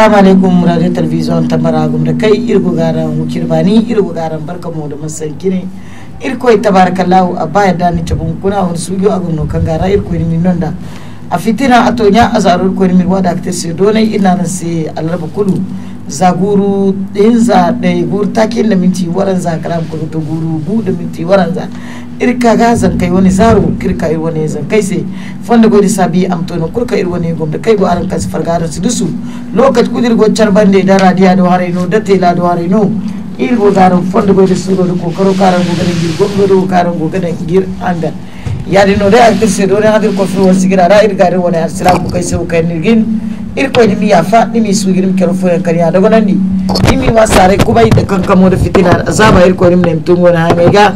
assalamu alaikum radio television tamara da kai irgu garan wukir bani irgu garan barka mu da masan kine irko tabarakallahu a baya da ni tabun kuna hun yo agun no kan gara irko ni non da a fitina a tonya a ko ni wada ta se donai ina nan se alraba kulu zaguru din za dai gur takin da minti waran za karam ko to guru bu da minti waran za irka ga kai wani zaru kirka ir wani kai sai fonda da sabi am kurka ir wani gomda kai go aran kas fargara su dusu lokat kudir go bande da radiya do hare no da tela do hare no ir go garan fonda su suro kokaro kokoro karan go gadan gir go da karan go gadan gir anga ya dino da an se do da hadir ko fi wasi gira ra ir gare wani asira ku kai sai kai nirgin ir ko ni ya fa ni mi girim kero fo kan ya daga nan ni mi wasare kubai da kankamo da fitina azaba ir ko ni nem tungo na mega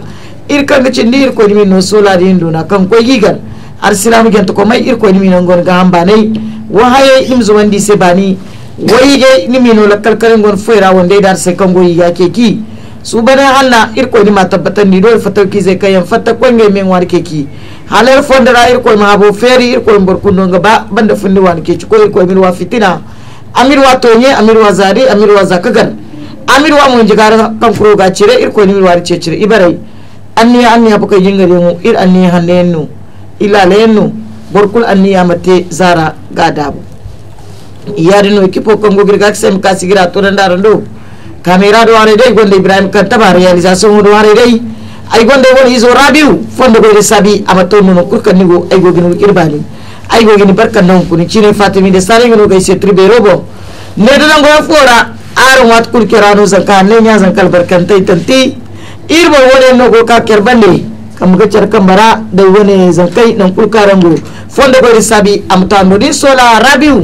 irkan gace ni irko ni no sola di yin na kan ko gigal ar silamu gento ko mai irko ni non gon ga hamba nai wa haye im zo wandi se bani wai ge ni mi la kal kal gon foira wonde dar se kan go ya ke ki su bana halna irko ma tabbatan ni dole fatauki ze kayan fatta ko kwange min war ke ki halar fondara irko ma bo feri irko borkun don ba banda fundi wan ke ci ko irko min wa fitina amir wa tonye amir wa zari amir wa zakagan amir wa mun jigara kan furo ga cire irko ni war ce cire ibarai anniya anniya baka jingarimu ir anniya hanneyennu ilaleennu borkul anniya matte zara ga dabu yadino kipo kongo girgak sem kasigira tonan daran do caméra do are dai gonde ibrahim kan taba réalisation do are dai ay gonde woni iso rabiu fonde goyde sabi amato nono kurka nigo ay gogino irbani ay gogini barka non kuni cine fatimi de sare ngono gay se tribe robo ne do ngo fora aron wat kul kerano zanka ne nya zankal barkan tay tanti irba wone na go ka kerballe kam ga cer kambara da wone zankai nan kulkarango fonde ko risabi am tando din sola rabiu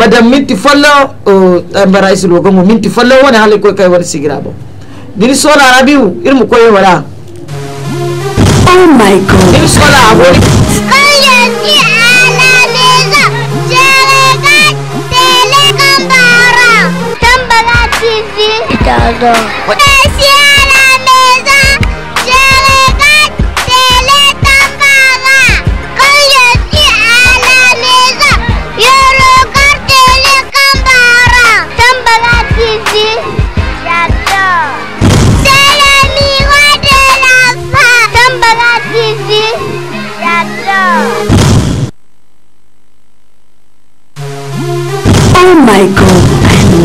madam minti fallo o tambara isi go mo minti fallo wone hali ko kay won sigrabo din sola rabiu irmu ko wala oh my god din sola abori What?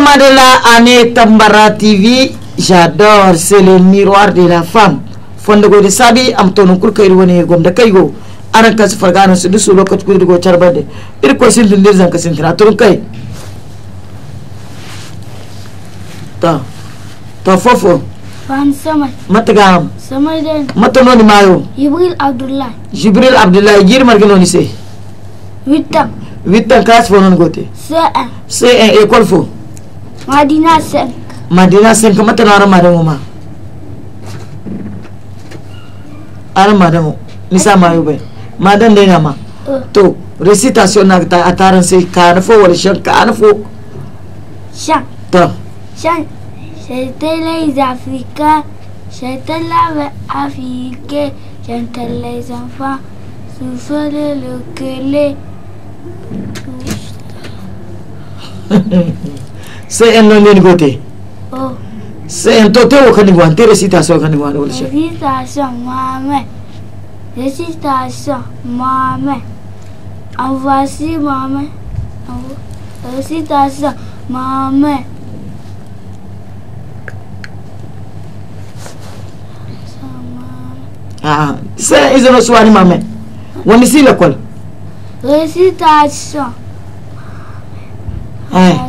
Maman Mandela Tambara TV j'adore c'est le miroir de la femme fonde go de sabi am tonu kul kayri woni gom da kaygo aran kasu fargana su dusu lokaci kudu go charbade de ko sin dindir zan kasin tira kai ta ta fofo fan samai matagam samai den matano mayo jibril Abdullah. jibril Abdullah, jir margino ni se wittam wittam kas fonon gote c'est un c'est un école fo Madina sen. Madina sen kama tana ara madamu ma. Ara madamu misa mayo bai. Madan dai na ngama. Oh. To recitation na ta ataran sai kana fo wari shan kana fo. Shan. To. Shan. les Africains, j'étais là Africains, j'étais les enfants, souffle le collet. سين لون لين قوتي سين تو تو خلينا نقول تيري سيتا سو خلينا نقول ولا شيء سيتا سو ماما سيتا سو ماما أنفاسي ماما سيتا سو ماما Ah, c'est ils ont soigné ma mère. On est ici l'école. Récitation. Ah.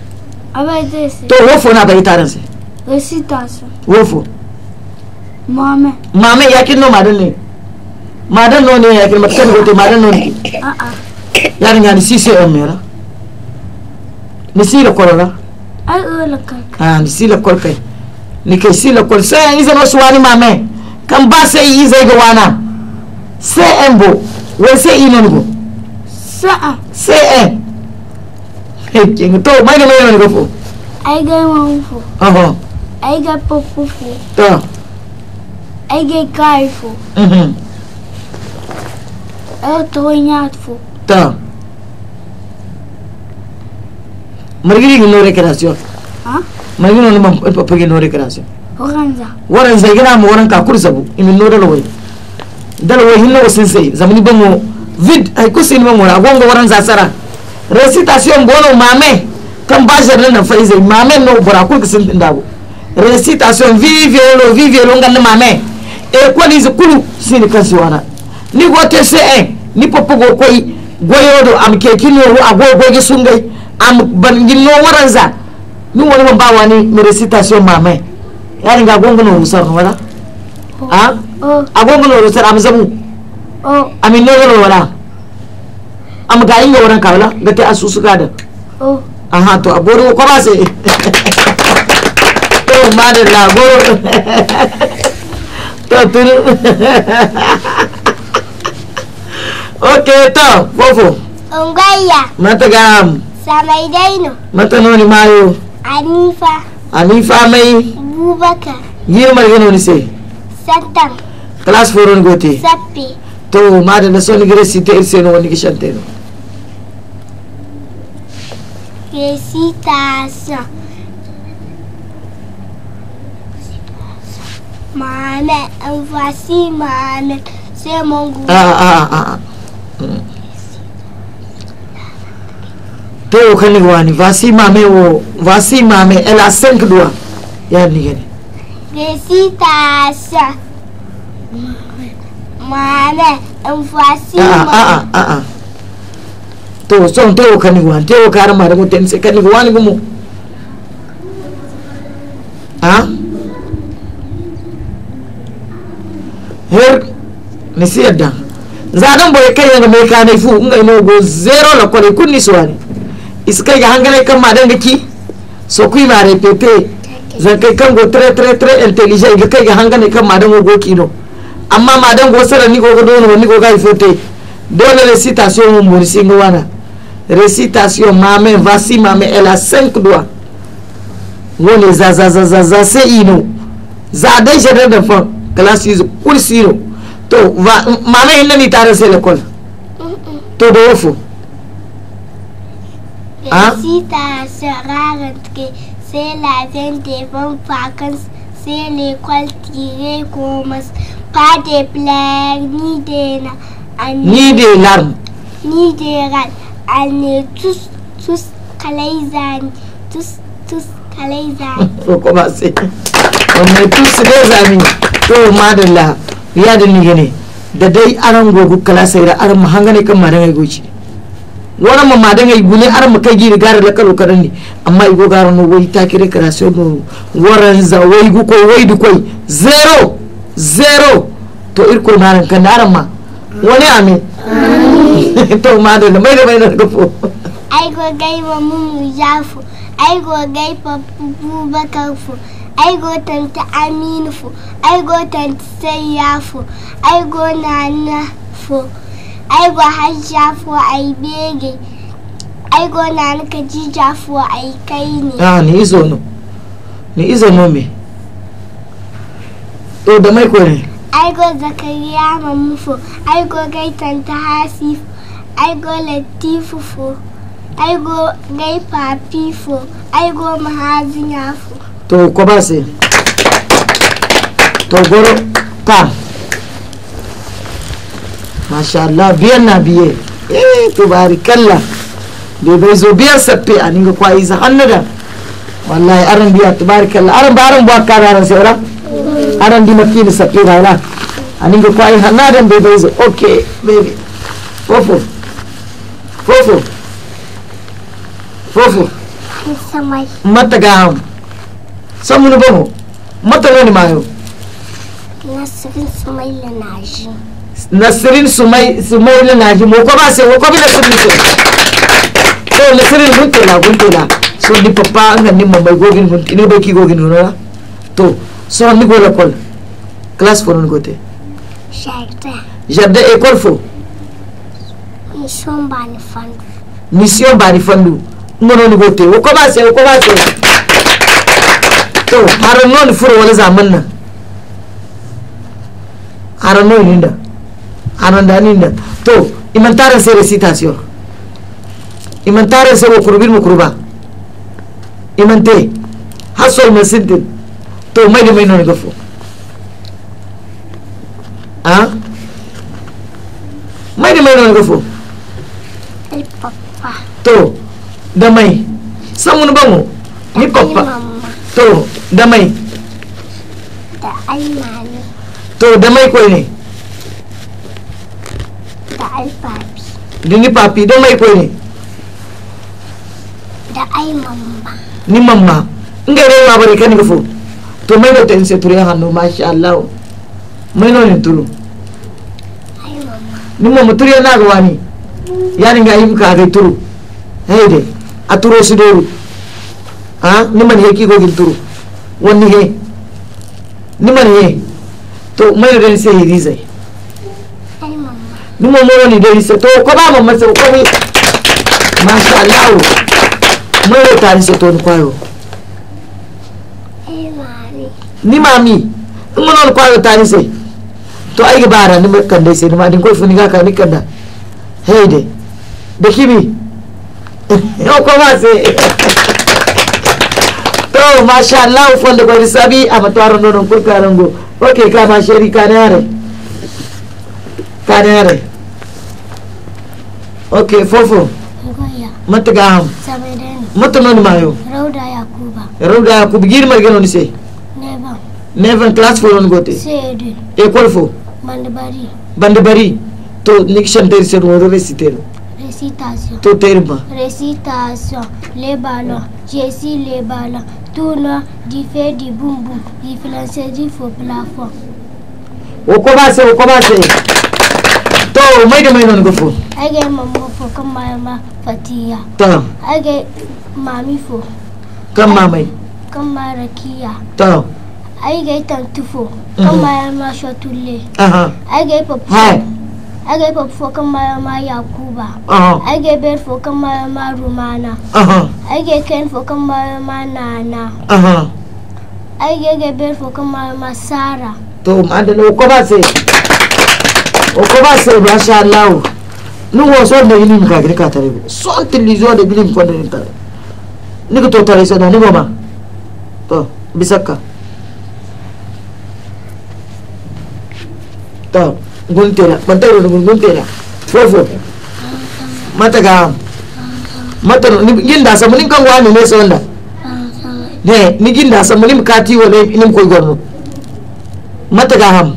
to wo fo na bayi tarin sai recitasi wo fo mame mame yakin no madan ne madan no ne yakin matakan gote madan no ne yarin ya ni sise yan mera ni si la korora ai o la kalka ah ni si la kolka ni ke si la kol sai ni zama suwani mame kan ba sai yi zai ga wana sai en bo wai sai inen go sa'a sai en எங்கத்தோ மைக்க Aí எனக்கு um ஐகே மாம்போ aí ஐகே பப்பு போ Tá. Aí காய் போ ம் Eu tô ganhado, fô. Tá. Margarida não recreação. Hã? Margarida não é papai não recreação. Oranza. Oranza, é é que não é oranca, cursabu. E me não é loi. Dá loi, não é o sensei. Zamini bango. Vid, aí cozinha bango. Agora oranza sará. recitation bono mame kan bashar nan fa izai mame no bura ku kisin din dago recitation viviolo viviolo ngan mame e ko ni zukuru sin kan siwana ni gote se e ni popo go koi goyodo am kekin yo agogo gi sungai am ban gin no waranza ni wani ban bawa ni mi recitation mame yani ga gongo no rusar wala a agogo no rusar am zamu amin no wala oh, am ga inga waran kawla ga ta asusu ga da oh. aha to aboro ko ba sai to madalla goro to turu okay to fofo ungaya mata gam samai daino mata noni mayo anifa anifa mai bubaka yirmar gano ni sai sattan class foron gote sappi to madalla soni gire sita irse no wani gishante no recitação. Mame, eu faço assim, mame, seu mongo. Ah, ah, ah. Teu ah. caniwani, vasi mame o, vasi mame, ela cinco duas. Ya ni gani. Recitação. Mame, eu faço assim, ah, ah, mame. Ah, ah, ah, ah. to son teo kanigu teo kara mara mo tense kanigu wani gumu ha her ni siyadda zaɗan boye kai yanga mai kanai fu nga ino go zero la kore kunni suwani iskai ga hangale kan ma danga ki so kuyi ma repete zan kai kan go tre tre tre intelligent ga kai ga hangane kan ma danga go kino amma ma danga go sara ni go go dono ni go ga ifote dole le citation mun mun singo wana récitation ma main voici ma main elle a cinq doigts woni za za za za za za dai shadar da fan class is kursi to ma main inda ni tare sai lekol to da wofo a. rare c'est la fin des bonnes vacances c'est l'école pas de pleurs ni ni des larmes ni des and tous tous kalaizani tous tous kalaizani to kuma sai amma tous dai zami to madalla ya da ni gane da dai aran gogu kala sai da aran ne kan madanga goci wannan ma madanga ai gune aran mu kai giri gara la kalo kadan ne amma igo gara no wai ta kire kara sai mu waran za wai gu ko wai du koi zero zero to irko nan kan aran ma wani amin to ma da mai da mai na rufo ai go gaiwa mun jafu ai go gaifa bubakar fu ai go tanta aminu fu ai go tanta yafu ai go nana fu ai go hajja fu ai bege ai go nana kajija fu ai kai ne ah ni izo no ni izo no me to da mai ko ne aiko zakariya mamufo aigo gaitan ta hasifo aiko latifufo aigo gaifa fifo aigo mahazin yafo to ko ba se to goro ta masha Allah biyan na biye eh tubarikallah bai bai zo biyan sappe a ninga kwayi za hannu da wallahi aran biya tubarikallah aran ba aran ba ka aran sai ora aran dina kini sakira la aninga kwa ai hanaran be bezo okay baby fofo fofo fofo mata gam samunu bomo mata ngani mayo nasirin sumaila naji nasirin sumai sumaila naji mo ko ba se ko bi nasirin so to Sou buntola buntola so sou papa ngani mamai gogin buntola ini baki gogin buntola to Soran li go l'ekol? Klas foun nou kote? Jardin. Jardin ekol foun? Misyon bani fandou. Misyon bani fandou. Mounon nou kote. Ou komase, ou komase. To, haran nou ni foun wale zaman nan. Haran nou ninda. Haran da ninda. To, imantaran se resitasyon. Imantaran se wakurubin wakuruba. Imante. Hasol masintin. di תאומי di לגופו. אה? מה דמינו papa Tu, damai. Sama na ba mo? Ni papa. Tu, damai. Da mami Tu, damai ko ini. Da papi. Dini papi, damai ko ini. Da ay mama. Ni mama, Enggak ada apa-apa kan ni kufu. to mai da ten seturi hannu masha Allah mai no tulu mo muturi na ga wani ni ga yim ka ga turu hede aturo sidoru ha nimman he ki go gil turu wani he nimman he to mai da sai hiri zai nimmo moro ni dai sai to ko ba mamma sai ko ma sha Allah mai da ni sai to ni kwayo ni mami in mun on kwaro tani sai to ai bara ni kan dai sai ni ma din ko funi ga ka ni kan da hey dai da kibi ko ba sai to masha Allah fon da gwari sabi a matwaro nonon okay ka ma sheri ka yare ka yare okay fofo mayo rauda yakuba rauda yakuba girmar gano ni sai 9 classe foron gote sede école fo bandabari bandabari to niction ter ser mo reciter récitation to terma récitation les ballons je suis les ballons tourne du fait du boum boum du français du o plafond o commence o commence to mai da mai non go fo age mamu fo kan mama fatiya to age mami fo com mamãe aqui a to ga itan mm-hmm. tufo kan baya ma shatulle ayiga ipa pufo ayiga ipa pufo kan baya ma yakuba ayiga ber fo kan ma rumana ken fo kan ma nana ga ber fo kan baya ma sara to madala ko ba sai ko ba ba sha Allah nu wo so da ilimi ka gire ka tare so tilli da ilimi ko da tare ni ko to tare sai da ni ba to bisakka to guntena bantai da na fofo mata ga mata yin da samu kan wani ne sai wanda ne ni gin da samu nim kati wala nim koy gorno mata ga ham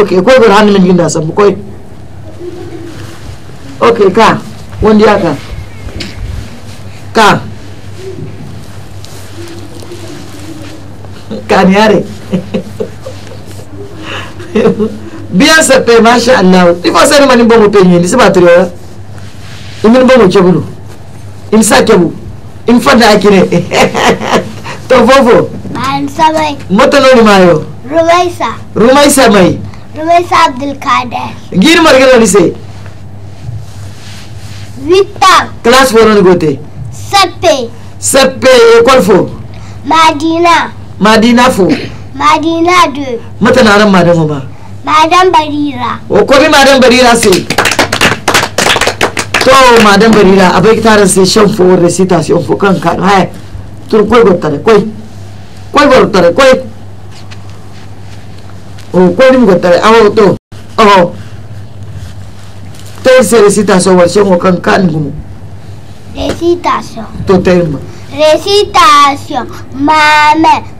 okay koy gor han min gin da samu koy okay ka wanda ya ka ka ka ni yare bien se paie masha allah i fo sani mani bongo pe ñindi siba turiyola imin bongo keɓulu im sa keɓu im fadda a kine to fofo samay moto noni mayo rumaysa rumaysa may rumaysa abdulkader guini margenoni se huit ans classe fo noni gote seppe seppe école fo madina madina fo Madina do. Mata madre madam ba. Madam Barira. O ko madam Barira sai. To madam Barira abai taran sai shan recitación resita sai kan kan ¿Cuál? ¿cuál ¿Cuál? O cuál Te se resita kan Recitación. Tu tema. Recitación. Mame.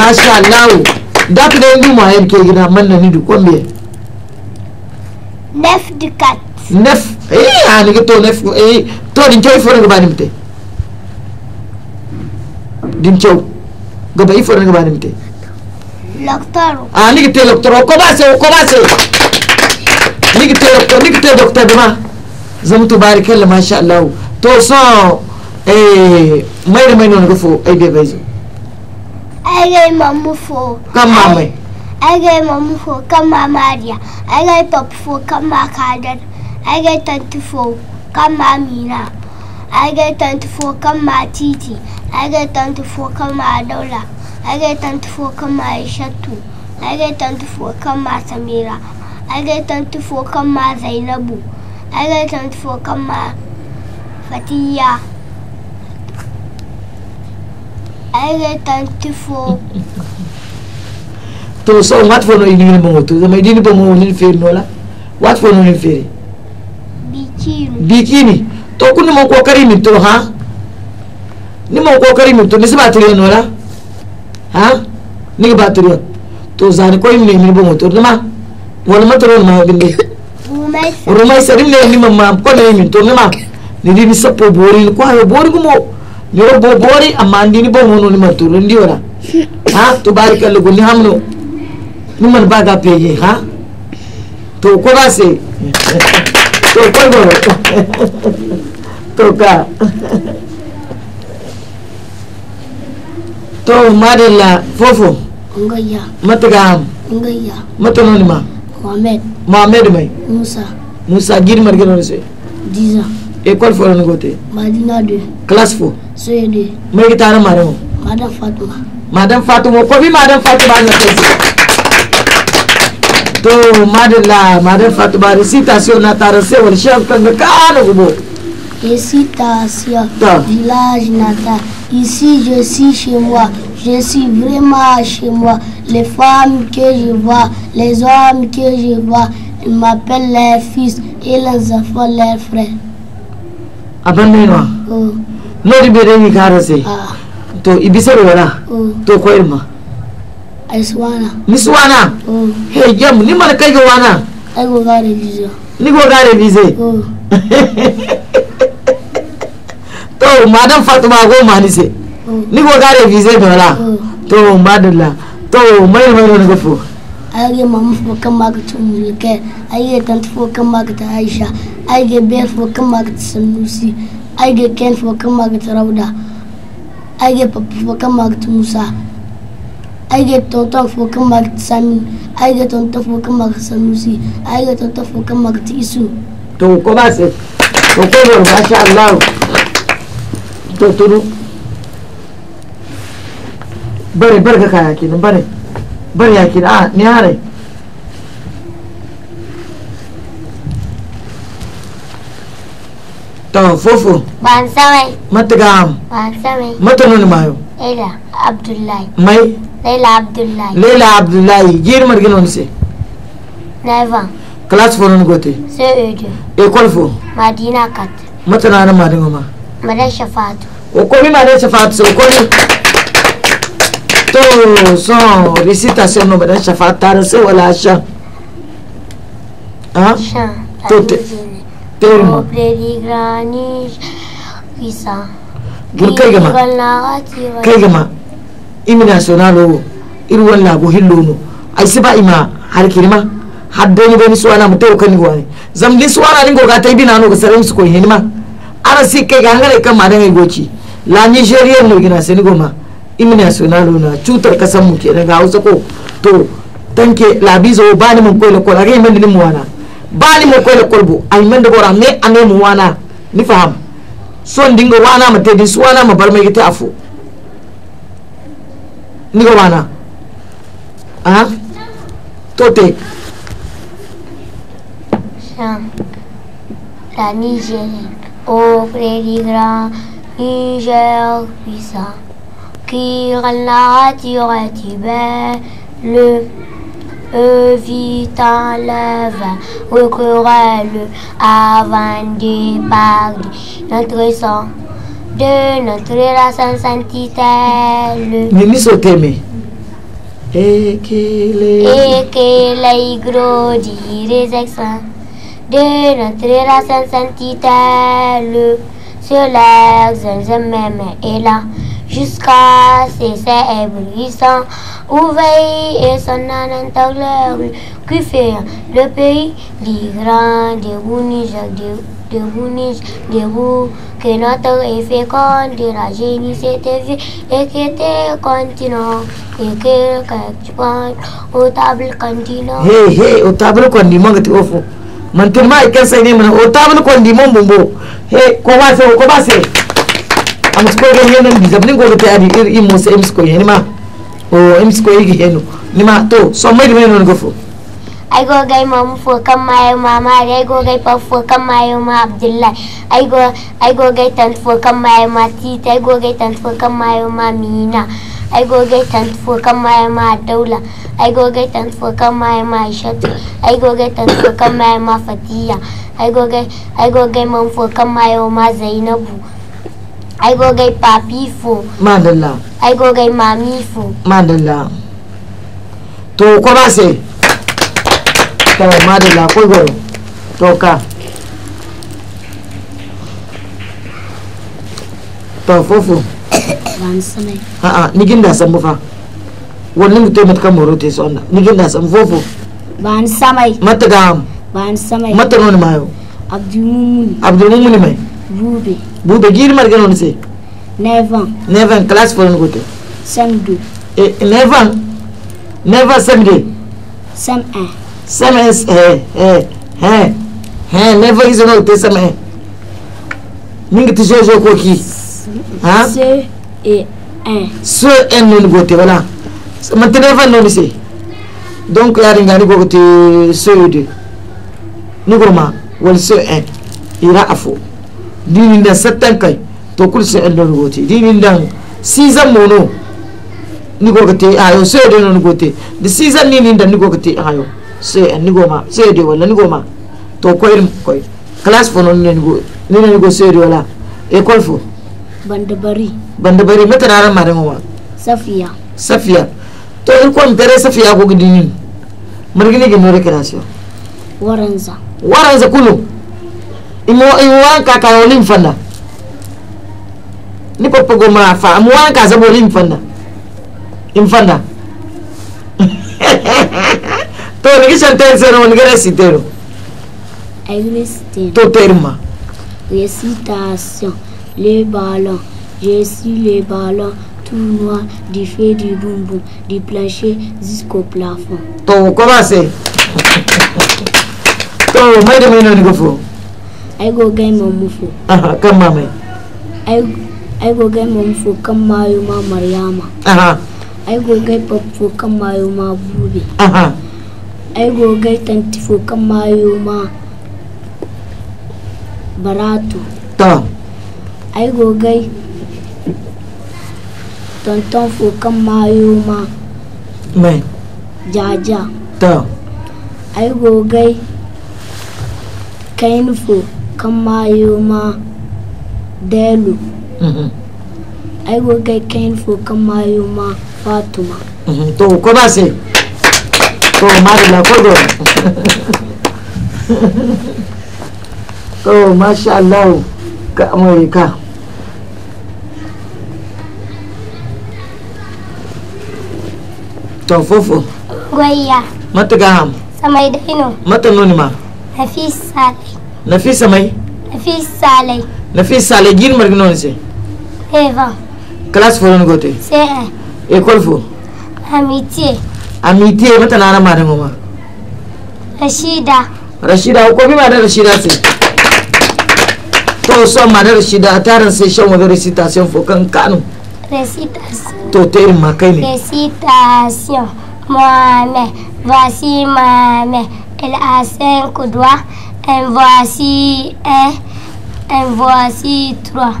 masha Allah dakle ilu ma hen ke gina manna ni du kombe nef du kat nef eh ani ke to nef eh to din choy fora ga banim te din chow ga bai fora ga banim te loktoro ani ke te loktoro ko ba se ko ba se ni ke te loktoro ni ke te doctor dama zamtu barakallahu masha Allah to so eh mai mai non ga fo ai bai bai Ai, mamu fo. Kama mai. Ai, mamu fo kama Maria. Ai, papu fo kama Kadar. Ai, tantu fo kama Mina. Ai, tantu fo kama Titi. Ai, tantu fo kama Daula. Ai, tantu fo kama Aishatu. Ai, tantu fo kama Samira. Ai, tantu fo kama Zainabu. Ai, tantu fo kama Fatiya. Eigen tantifo. To so what wat fono idini bongo to. the Ma idini bongo ni feri What for no ni feri? Bikini. Bikini. To kuni mo kokari mi to ha. Ni mo kokari mi to ni siba no nola. Ha? Ni ba tiri. To zani ko imne mi bongo to ma. Wala ma tiri ma binde. Rumai. Rumai sarim ne ni mamma ko ne mi to ni ma. Ni di ni sapo bori ko ayo bori ko mo yo bobore amma ndini bo mono ni martulu ndi ora ha to barikallo golli hamno ni man baga peye ha to ko ba se to ko go to ka to madalla fofo ngoya matagam ngoya matanoni ma mohamed mohamed mai musa musa girmar girmar sai diza école fo le côté. madina 2 classe C'est 2. 2 ki tare madame mo Madame fatuma Madame fatuma Vous fatuma na tesi madame madalla madame récitation na c'est se wal chef kan ga Récitation. Village natal. Ici, je suis chez moi. Je suis vraiment chez moi. Les femmes que je vois, les hommes que je vois, ils m'appellent leurs fils et leurs enfants leurs frères. abin naiwa lori bere ni kara sai to ibisar wala to kwa irma aiswana miswana Hey jam ni mal kai wana ai go gare bize ni go gare bize to madam fatima go mani se ni go gare bize dola to madalla to mai mai ne go fu ayge mamu fo kan magata umulke ayge tante fo kan ta aisha ayge ben fo kan ta sanusi ayge ken fo kan ta rauda ayge papu fo kan ta musa ayge tonton fo kan magata sami ayge tonton fo kan ta sanusi ayge tonton fo kan ta isu to ko ba se to ko ba masha Allah to turu bare barka kaya kenan bare bari ya kira a ah, ni hare fofo ban sawai matagam ban sawai matanu mayo ila abdullahi mai layla abdullahi layla abdullahi jir margin onse naiva class for on gote se ejo école fo madina kat mata na madingo ma madan shafatu o ko mi madan shafatu so ko to son recitation no badan shafa tare sai wala shan ah shan to te termo predi grani isa kai gama kai gama imi nasionalo irwan labo hillono ai siba ima har kirma har doni bani suwana mu tew kani gwani zamli suwana ningo ga tay bina no ga sarin su ko hinma ara si kai ga hangare kan ma dan goci la nigeria no gina senigoma na cutar kasan mu kenan ga hausa ko to tanke labizo bani mun koy lekol rai mun ni mu ba bani mun koy lekol bu mun da bora me ane mu wana ni faham so dingo wana ma tedi su wana ma barme gite afu ni ga wana a to te La Nigeria, au près du puissant. Kir la tire belle, le vit en au recourelle avant de parler notre sang de notre race sainte sainteté le ministre t'aimé et que les et que les gros les exsains de notre race en sur l'air zem et là jusqu'à ses éblouissants ouvrez et son ananta qui fait le pays des grands, des des, des vous, des roues, que notre effet féconde de la génie s'était vu et que tes continent et que tu prends au table continent. Hé hé, au table continent, que tu offres. Maintenant, il y a un au table continent, mon beau. Hé, comment c'est, comment c'est? am sikoygo heno adi se nima o heno nima to sommayde go fo kam mama go pa fo kam ma abdullah ay go go tan fo kam ma go tan fo kam ma mina go tan fo kam ma daula go tan fo kam ma go tan fo kam ma fatiya ay go go fo kam ma zainabu I go get papi fo. Mandela. I go get mami fo. Mandela. To kuma se. To Mandela ko go. To ka. To fofo. Wansane. Ha ha, nigin da san bufa. Wannan mutum mutkan moro te sonna. Nigin da san fofo. Ban samai. Matagam. Ban samai. Matano ne mayo. Abdul Mumun. Abdul Mumun mai. Bube. Bube, girmar gano ne sai? Nevan. Nevan, class for gote. Samdu. Eh, nevan. Nevan samde. Sam eh. Sam es eh eh eh. Eh, nevan is no te sam eh. Mingi tijojo ko ki. Ha? Se e eh. Se en non gote wala. Mante nevan non sai. Donc ya ringani gote se de. Ni gurma wal se eh. Ira afo. dinin da sattan kai to kul sai Allah rugote dinin da zan mono ni go gate ayo sai da non gote da season ni nin da ni go gate ayo sai ni go ma sai da wala ni go ma to ko irin ko class fo non ni go ni ni go sai da wala e ko fo bandabari bandabari mata ran ma da wa safiya safiya to in an dare safiya ko gidini murgini ga nore sai waranza waranza kullu imuwankaka olimfanda ni popogoma fa amuwanka asaba olimfanda imfanda to nigi sentensero onigere sitero totalement récitation les ballons je suis les ballons tout noir du feu du boum du plancher jusqu'au plafond to commence to maide mino nigo fo I go game on mufu. Aha, come mama. I I go game on mufu come my mama Mariama. Aha. I go game for come my mama Bubi. Aha. I go game tanti for come my mama Baratu. Ta. I go game tonton for come my mama. Mai. Jaja. Ta. I go game kain fu ma delu mhm. ai go kai kain ma fatuma mhm. to ko ba se to la ko do to masha Allah ka amurka tonfofo fofo. matuga ham samai daino matanoni ma nafisa Nafisa mai? Nafisa alai. Nafisa alai gir margi non se? Eva. Classe foron gote? Se. École fo? Amitié. Amitié mata nana madam ma. Rashida. Rashida ko bi madam Rashida se? To so madam Rashida taran sai shan wani recitation fo kan kanu. Recitation. To te ma kai ne? Recitation. Mohamed, voici Mohamed. Il a cinq doigts. Et voici un, et voici trois.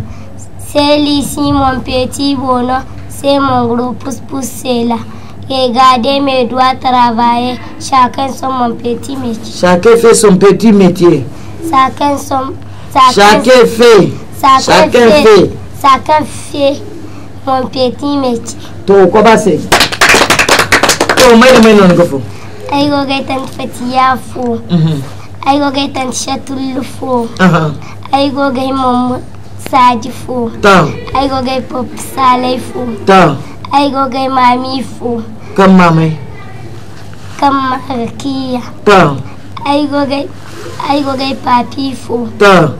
Celui-ci, mon petit bonhomme, c'est mon gros pouce pour cela. là. Regardez mes doigts travailler, chacun son mon petit métier. Chacun fait son petit métier. Chacun son. Chacun, fait. Chacun, fait, fait. Chacun fait mon petit métier. To quoi ba se. To mai mai non ko fu. Ai go ga petit fatiya Mhm. Aí gogai tanto tá chatulho fo. Aham. Aí gogai mamãe sadi fo. Tá. Aí gogai pop salei fo. Tá. Aí gogai mami fo. Kam mami. Kam kia. Tá. Aí gogai aí gogai papi fo. Tá.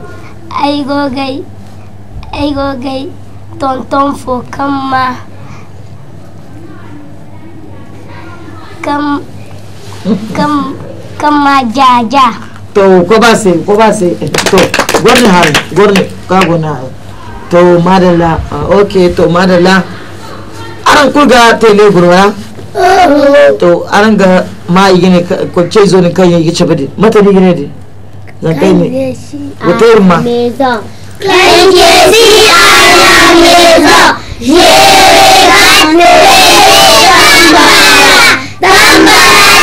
Aí gogai aí gogai tonton fo com ma. com, com, com ma jaja. to ko ba sai ko ba sai eh, to gwarin har gwarin kago na to madalla ah, ok to madalla aran kulga tele gurwa to aran ga ma igine ko ce zo kan yi ce mata gine de zan kai ne wata yi ma kan ke si ana mezo jere ka tere tambara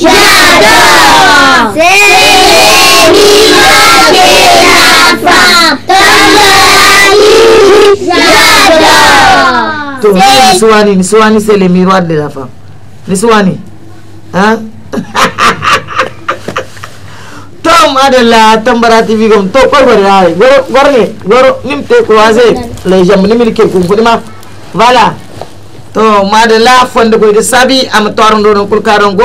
tambara Islam to hii nisuani nisuani c'est le miroir de la femme nisuani hein tom adala tambara tv gom to ko gore ay goro gorne goro nim te croisé les jambes nim ke ko fudima voilà to madala fonde ko de sabi am torndo non kul karon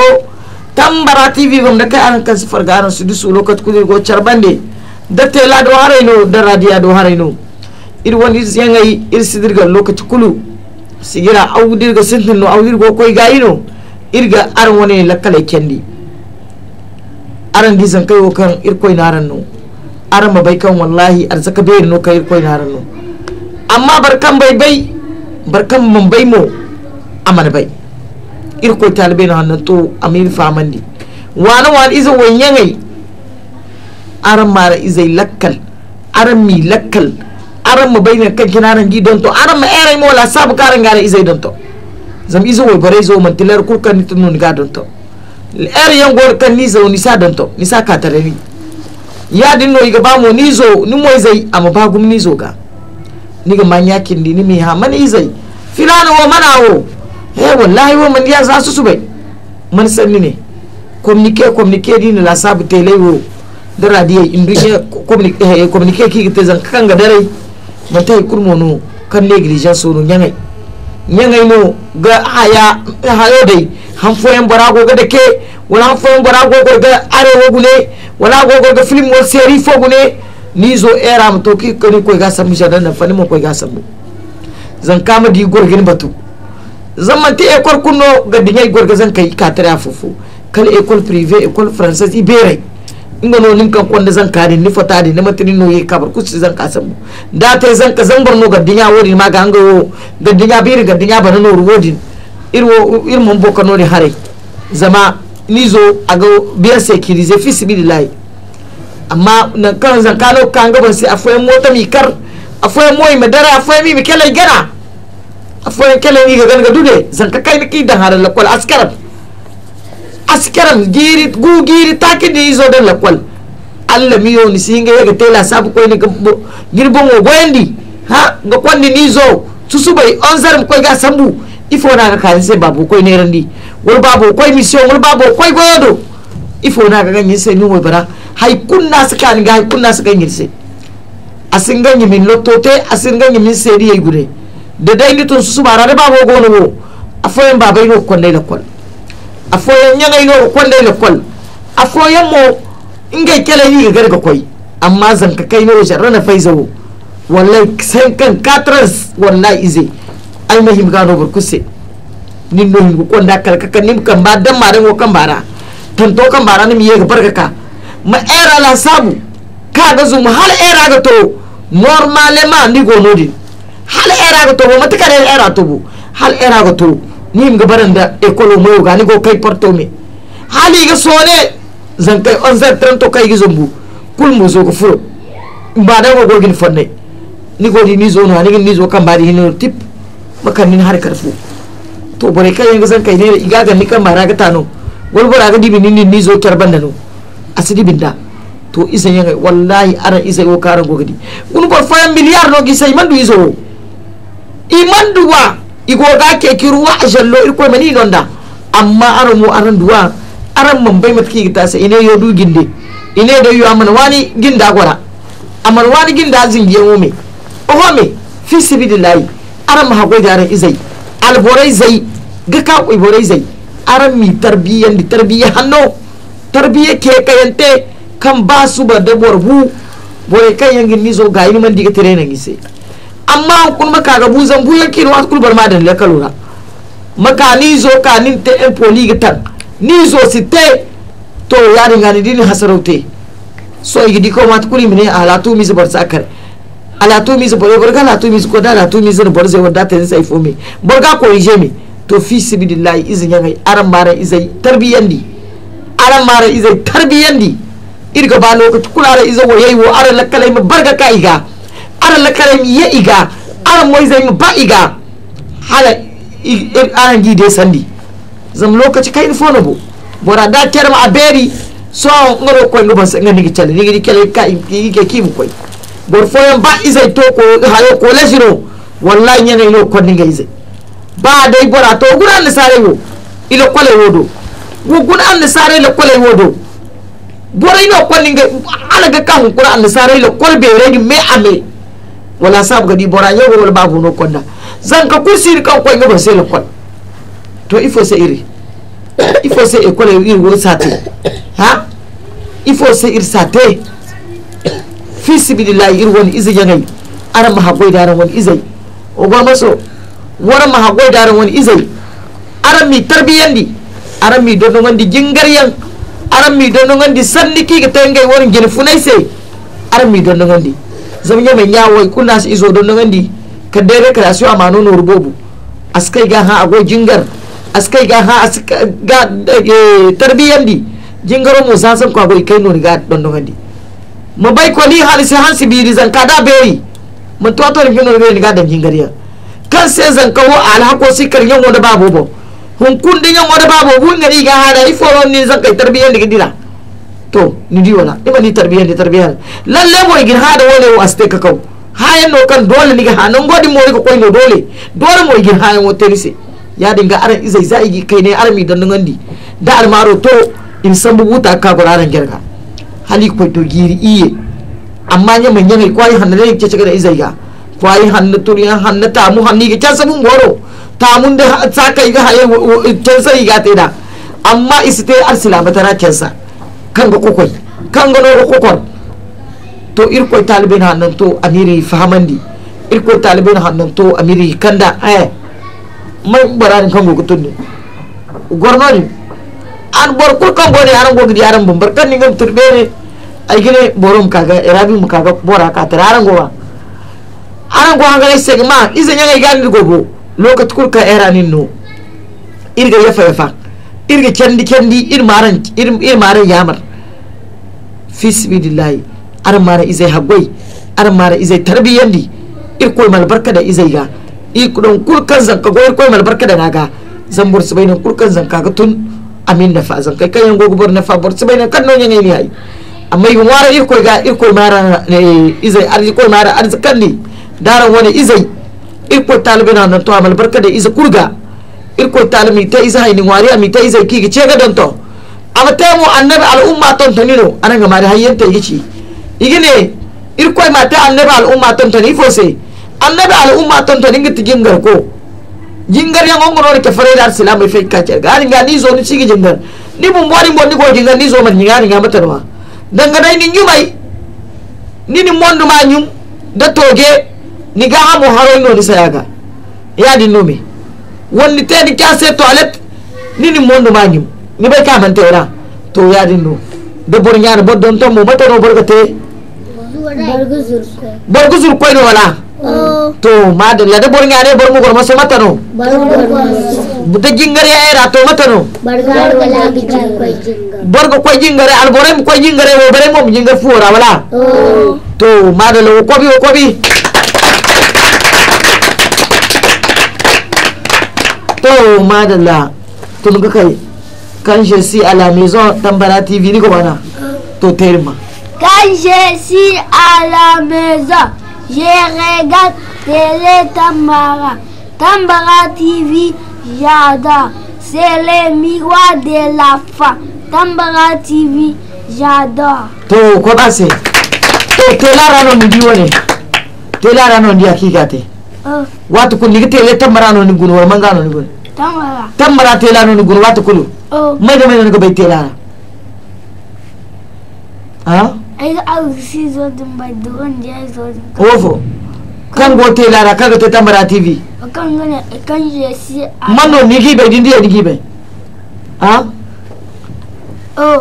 tambara tv bam da kai an kan sifar garan su dusu lokat kudi go charbande da tela do no da radiya do no ir woni zengai ir sidirga lokaci kulu sigira au dirga sintin no au dirgo koy gayino irga aran wani lakkale kendi aran dizan kai kan ir koy naran no aran bai kan wallahi arzaka bai no kai ir koy naran no amma barkan bai bai barkan mun bai mo amana bai irko talibai na hannun to faman famandi wani wani izo wanyan yi aran mara izai lakkal aran mi lakkal aran mu bayyana kan kinaran di don to aran mu erai mo sabu karin gara izai don to zam izo wai bare zo man tilar ku kan ga don to er yan gor kan ni zo ni sa don to ni sa ka tare ni ya din no iga ba mo ni zo ni mo izai amma ba gum ni zo ga ni ga manya kin ni mi ha man izai filana wa mana wo he eh, wallahi wo man ya za su bai man sanni ne communiquer communiquer dina la sabu te lewo da radiye indu ya communiquer eh, eh, communiquer ki te zan kan ga dare ma te kurmo no kan negligence so no nyangai nyangai no ga haya hayo dai han foyen barago ga dake wala han foyen barago ga arewa gune wala gogo ga film wal seri fo gune ni zo era mu to ki kani ko ga samu shadan na fani mo ko ga samu zan kama di gorgin batu zaman te école kuno ga dinga gorga zan kai ka tara fufu kal ekol privée ekol française ibere inga no nin kan kwanda zan kare ni fata ni matini no ye kabar kusi zan ka samu da te zan ka zan barno ga dinga wori ma ga anga wo ga dinga biri ga dinga bana no ruwodin irwo irmon boka no ni hare zama nizo aga biya sécuriser fi sibilillahi amma nan kan zan kalo kan ban sai afoyan mota mi kar afoyan moyi madara afoyan mi mi kelai gana afoyen kelen iga ganga dude kai kayna ki dahara lakwal askaram askaram giri gu giri takidi izo den lakwal allah miyo ni singa yaga tela sabu koy ni gambo girbon wo boyandi ha ga kwandi ni zo susubai on zaram koy ga sambu ifo na ga kan se babu koy ne randi wal babu koy mission wal babu koy do ifo na ga ganin se ni wo bara hay kunna kan ga hay kunna sukan yirse asin ganyi min lotote asin ganyi min seri yai gure da dai gitun su ba da babo gono mo afoyan babai no kon dai lakol afoyan yi no kon dai a foyen mo ga kele yi garga koi amma zan ka kai no sharra na faizawo wallahi san kan katras wallahi ize ai mahim gano burkuse nin no hingo kon da kalka kan nim kan ba dan ma ko kan bara tanto kan bara nim yega barka ka ma era la sabu ka ga mu hal era ga to normalement ni gono din hal era ga tobo mata kare era tobo hal era ga to ni ga baran da ekolo moyo ga ni go kai porto me hali ga sone zan kai on zan tran to kai gizon bu kul mu zo ko furo ba da go gin fanne ni go ni zo na ni ni zo kan di hinu tip makan ni har karfu to bare kai ga zan kai ne iga ga ni kan mara ga tano wal bara ga dibi ni ni zo tarban da no asidi binda to isa yanga wallahi ara isa go karan go gidi kun ko fa miliyar no gisai man du iso iman duwa ga ke kiruwa a jallo iko mani da amma aran mu aran duwa aran man bai mutki ta sai ine yo du ginde ine da yo amana wani ginda gora amana wani ginda zingiye mu me o me fi sibidillahi aran ma hago jaran izai alborai zai ga ka borai zai aran mi tarbiyan di tarbiya hanno tarbiya ke kayante kan basu ba da borbu bore kan yangin nizo ga man diga tare na gise amma kun ga buzan buyan yake no kul bar ma da le kalura maka ni zo ka ni te en poli gitan ni zo si te to ya ni ngani din hasarote so di ko mat kuli mine ala tu mi zubar sakar ala tu mi zubar borga ala tu mi ko da ala tu mi zubar borze wanda ta sai fo mi borga ko rije mi to fi sibidillahi izin yangai aran mara izai tarbiyandi aran mara izai tarbiyandi irga ba lokaci kula da izo wayayi wo aran lakalai mu barga ka ga. ara la kare mi ye iga ara moy zai ba iga hala aran gi de sandi zam lokaci kai fo no bo bora da terma aberi so ngoro ko ngoba bas ngani gi chale ngi kele ka gi ke kim ko bor fo ba izai to ko hayo ko lajiro wallahi nyane ilo ko ninga izai ba dai bora to gura guran sare yo ilo kole wodo wo guran sare ilo kole wodo bora ino ko ninga alaga kan guran sare le ilo kolbe redi me ame wala sabu gadi bora yogo wala babu no konna kursi kursiri kan ko ngaba la kon to il faut iri il faut e école iri wo sate ha il faut se iri sate fi sibilillahi iri woni izi yanayi ara ma hagoy daran wani izai o gwa maso wara ma hagoy daran woni izai ara mi di ara mi dono jingar jingaryan ara mi dono wandi sanni ki ga tengay woni gene funai se ara mi dono wandi zama yi mai yawo kuna su izo don di a kadere kala su a no rubobu eh, kai ga ha ago jingar askai ga ha ga di jingar mu sasan san ago kai no ga don di. ma bai ko ni hali sai hansu biyu zan ka da beri ma tuwa to rufin no ga dan yan kan sai zan kawo alhako kar yan wani babu ba hunkun din yan wani babu bu ngari ga da ifo ni zan kai gidi na. to ni di wala ima ni tarbiya ni tarbiya lalle mo igin ha da wala aste ka kaw hayan no kan dole ni ga hanan godi mo ko koy no dole dole mo igin yan wo terise ya dinga aran izai za igi kai ne armi dan di da almaro to in san buta ka ko gerga hali ko to giri iye amma nya man nya kwai hanan ne ce ga izai ga kwai hanan turiya hanan ta mu hanan ga can sabun goro ta mun da sa kai ga haye can sai ga te da amma isite arsila matara kensa Kanggo kokoy kanggo no kokor to irkoy taliben hannan to amiri fahamandi irkoy taliben hannan to amiri kanda eh mai barani kango kutunni gornoni an bor kul kan bone aran gogi aran bumbar kan turbe ni ay gine borom kaga erabi eh, mu kaga bora ka go gowa aran go hanga segma izen yanga go gogo lokat kul eranin no irga yafa yafa irga kendi kendi ir maran ir ir maran yamar fis bidillahi ar mara izai hagwai ar mara izai tarbiyandi ir koy barka da izai ga i kudon kurkan zanka go ir mal barka da naga zan bor su bainan kulkan zanka ga tun amin da fa zanka kai yango gubor na fa bor su bainan kan non ne ni ai amma yi wara ir koy ga ir koy mara izai ar koy mara arzikan ne daran wani izai ir koy talibina nan to barka da izai kurga irko talmi mi ta isa hayni wariya mi ta isa kiki cega donto ta mu annabi al umma ton tonino ananga mari hayyenta yici igine irko ma ta annabi al umma ton toni se annabi al umma ton toni ngi gar ko jingar yang ongo ke fare dar sila mai fake ga ni ga ni zo ni gi jingar ni bun bori bon ni ko jingar ni zo man ni gani ga mata ma danga dai ni nyumai ni ni mondu ma nyum da toge ni ga amu haro no ni sayaga ya di nomi Wani wonni teni kase toilette nini mondo mañim ni ɓay ka mantewra to ya yaadin ɗo debboto ñaade boddon toon mo matano borgo te borgo sur koyno wala oh. to ma madalla debboto ñaade borgo gorma so mattano Da jingare era to mattano borgo koye jingare alborem koye jingare wo bare mom jingar fuwora wala oh. to ma madalla wo koɓi wo koɓi Quand je suis à la maison tambara tv ni quand je suis à la maison je regarde télé tambara tambara tv j'adore c'est le miroir de la fin, tambara tv j'adore to ko bah, non non Ah. watu kun ligite le tambara no ni gun wala manga ni gun tambara tambara tela no ni gun watu kulu oh. mai da mai no ni ko bai tela ha ai ah? au si zo dum bai don je zo ofo kan go tela ra kan te tambara tv kan ngane kan je si mano ni gi bai dindi ni gi bai ha oh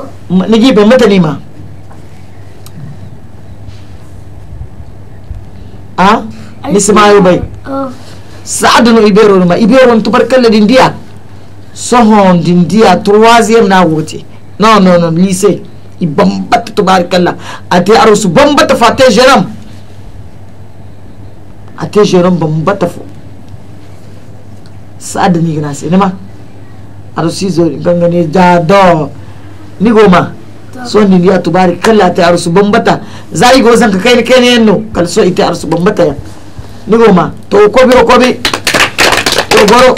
ni gi bai mata ni ma ha ah? nisimayo bay oh. saadano iberonima iberon tubarkalla din diya sohon din diya troisiéme na wote non non non lise i bambata tubarkalla ate aro su bambata fa te jeram ate jeram bambata fo saadani gana sinima arusu zo gangane jado nigoma so ni ya tubari kalla ta arsu bambata zai go zan ka kai ne kai ne yanno kalso ita bambata ya ni k'o ma to kobi o kobi to bɔrɔ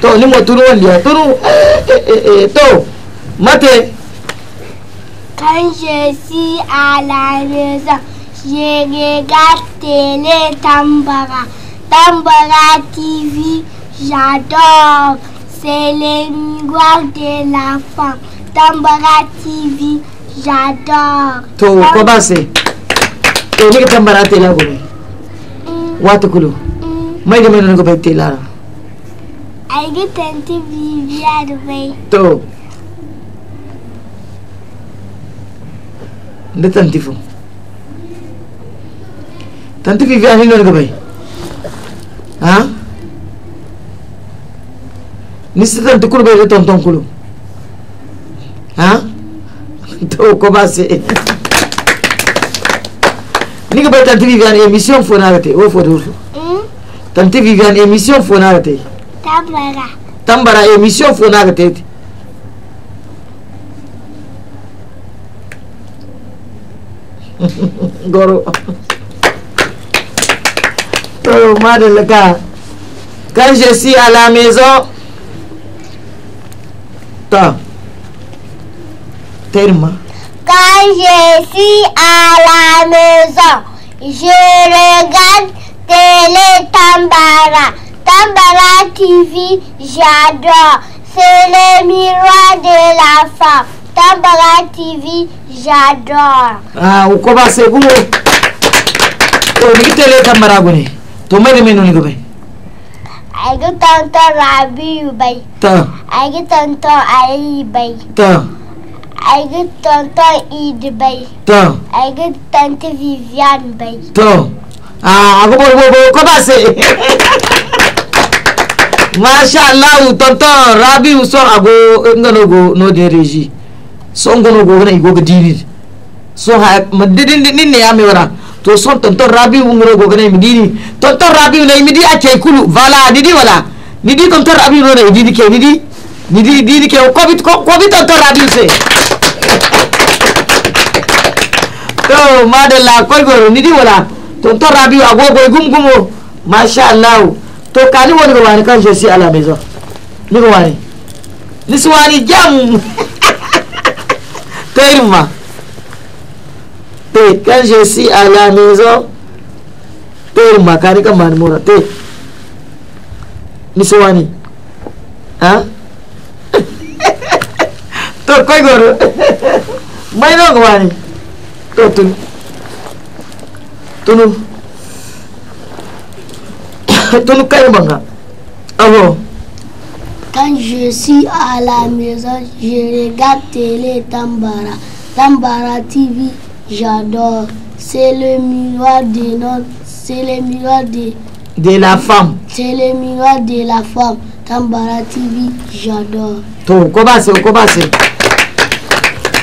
to ni mo tunu o liya tunu eh, eh, eh, to mate. quand je suis à la maison je regarde télé tambara tambara tv j'adore c'est les miroirs de la femme tambara tv j'adore. to kɔ b'a se to ne ka tambara télé kɔnɔ. watakulu mai da mai nan gaba te lara ai ga tanti bibiya da bai to da tanti fu tanti bibiya ni nan gaba ha ni se tanti kulu bai da tonton kulu ha to ko ba ni ka bar tanti viviane eh, émission fo narate wo oh, fo durfo eh? tanti viviane eh, émission fo narate tambara tambara émission fo narate te goro to madalla ka quand je suis à la maison ta terma Quand je suis à la maison, je regarde télé Tambara. Tambara TV, j'adore. C'est le miroir de la femme. Tambara TV, j'adore. Ah, vous commencez vous Vous télé Tambara, vous Tomé de menon, vous Aïe, tonton Rabi, vous Ta. Aïe, tonton Ali, bay. Tant. ai ga tonton idi bai to ai ga tante vivian bai to ah agogo agogo ko ba se masha Allah tonton rabi son ago ngano no de reji so ngono go na igogo dini so ha madidin din ne ya me wara to son tonton rabi ngoro go na midini tonton rabi na di ake kulu vala didi wala nidi tonton rabi no na idini ke nidi Didi didi ke COVID COVID to radio to madalla koi goro nidi wala to to radio agogo gum gumo masha Allah to kali woni go wani kan je si ala mezo ni go wani ni jam to irma te kan je ala mezo to irma kari kan man mora te ni si wani ha quand je suis à la maison je regarde télé Tambara Tambara TV j'adore c'est le miroir de notre c'est le miroir de de la femme c'est le miroir de la femme Tambara TV j'adore to ko ba se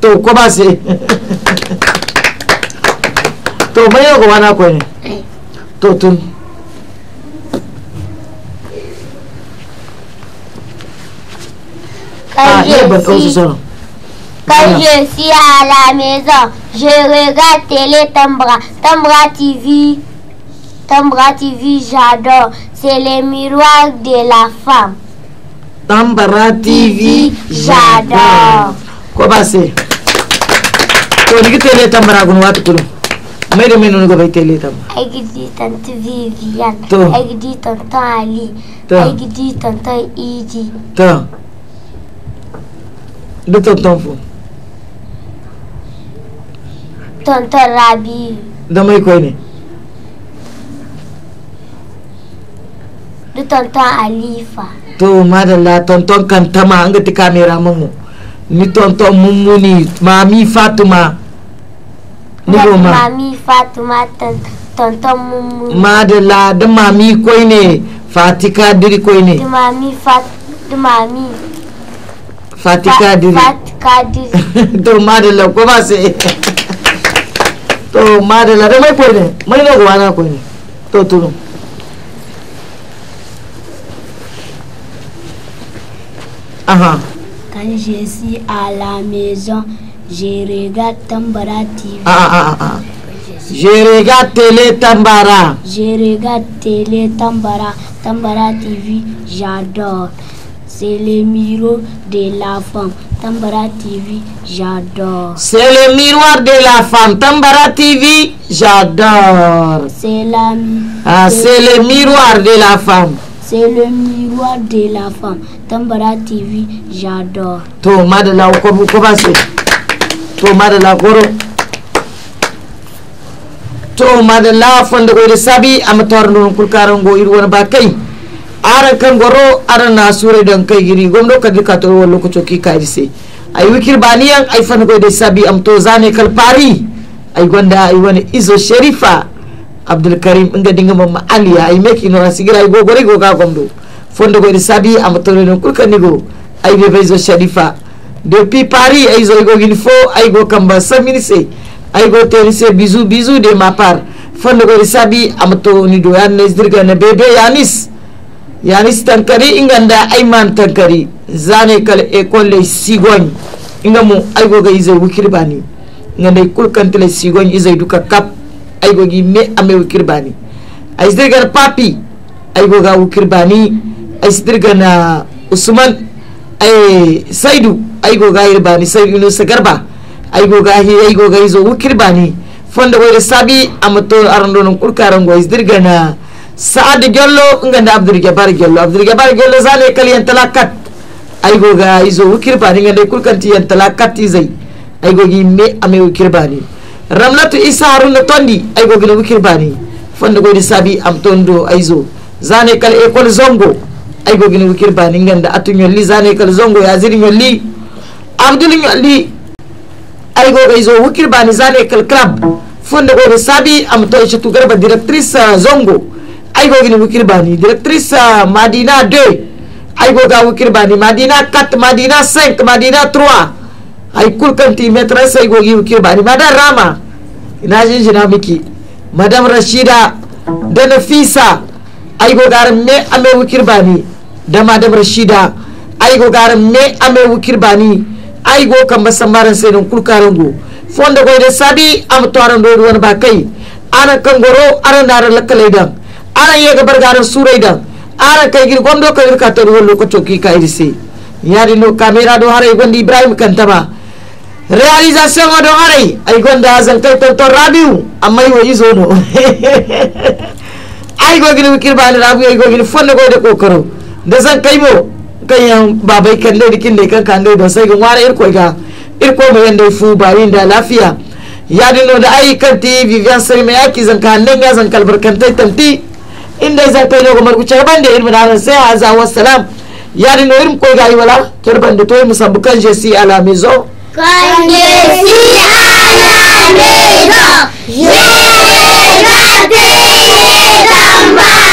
to Quand ah, je suis à la maison, je regarde télé Tambra. Tambra TV, Tambra TV, j'adore. C'est le miroir de la femme. Tambra TV, j'adore. Quoi passer to ni kite le tambara gun wat kulum mai da mai nuna gaba ite le tamba ai gidi tantu vivian to ai gidi tantu ali to ai gidi tantu iji to da tantan fu tantan rabi da mai koi ne da tantan alifa to madalla tantan kantama an ga tika mai ramin mu mitonto mumuni mami fatuma nigo ma mami fatuma tonto mumuni ma de la de mami koine fatika diri koine de mami fat de mami fatika diri fatika diri to ma de la ko ba se to ma de la de mai koine mai no wana koine to tunu aha uh -huh. je suis à la maison, je regarde Tambara TV. Ah, ah, ah, ah. Je regarde Télé Tambara. Je regarde Télé Tambara. Tambara TV, j'adore. C'est le miroir de la femme. Tambara TV, j'adore. C'est le miroir de la femme. Tambara TV, j'adore. C'est la. Ah, c'est le miroir de la femme. c'est le miroir de la femme tambara tv j'adore to madala ko ko ba se to madala goro to madala fonde ko sabi am torno kul karango ir wona ba kai ara kan goro ara na sure dan kai giri gomdo kadi ka to lokaci ki kai se ay wikir baniyan ay fonde ko sabi am to zane kal pari ay gonda ay wona izo sherifa abdulkarim nga dinga mo ma ay meki no asigira ay gogore go ka fondo go sabi am tole no ay be bezo sharifa depuis paris ay zo go gin fo ay go kamba saminise ay go terise bizu bizu de ma fondo go sabi am to ni do yan bebe yanis yanis tankari inganda ay man tankari zane kal ay go ga izo ngande izo duka kap Aigo gi me ame wikir bani ay sidirgana papi ay goga wikir bani ay sidirgana ah, usman ay saidu ay goga hir bani saidu inusa garba ay goga hi ay goga izo wikir bani fonda wayre sabi amato arando non kurkarango ay sidirgana ah, sa'ad gello nganda abdul jabbar gello abdul jabbar gello zane kal yan talakat ay goga izo wikir bani nganda kurkanti yan talakat izai ay gi me ame wikir bani ramlatu isa haruna tondi ay go wikir bani go sabi am tondo aizo zane kal ekol zongo ay go wikir bani nganda atu nyolli zane kal zongo ya ziri nyolli abdul nyolli ay go aizo wikir bani zane kal club fanda go sabi am to ichi tu garba directrice eh, zongo ay go gina wikir bani directrice eh, madina 2 ay go ga wikir bani madina 4 madina 5 madina 3 haikukanti metras sai gogi muke bani madam rama ina jinjina miki madam rashida da nafisa ai gogaran me ame wukir bani da madam rashida ai gogaran me ame wukir bani ai go kan masamaran sai don kulkaran go fonda goy da sabi am toran do ruwan ba kai ana kan goro ana naran lakalai dan ana yega bargaran surai dan ara kai gir gondo kay gir ta ruwan lokacin ki ka irse yari no kamera do hare gondi ibrahim kantama réalisation oɗon aray ay gonde hasan kay ton ton rabiu amma yiwo isono ay gogine wikkirbaani rabiu ay gogine fonde goyde kokoro ndesan kaymo kayen babay kan leydi kille kan kan leydi sayga wara irkoy ga irkomo yande bari da lafiya yaadino da ay kanti vivian sarima yaki zanka hannenga zankal barkantay tamti inday zankaynogo margu da irmi da se haza wassalam yaadino irm koy gayi wala carbande toy musabbu kan je si à la maison Kondisiana Biro Yira Tira Mbak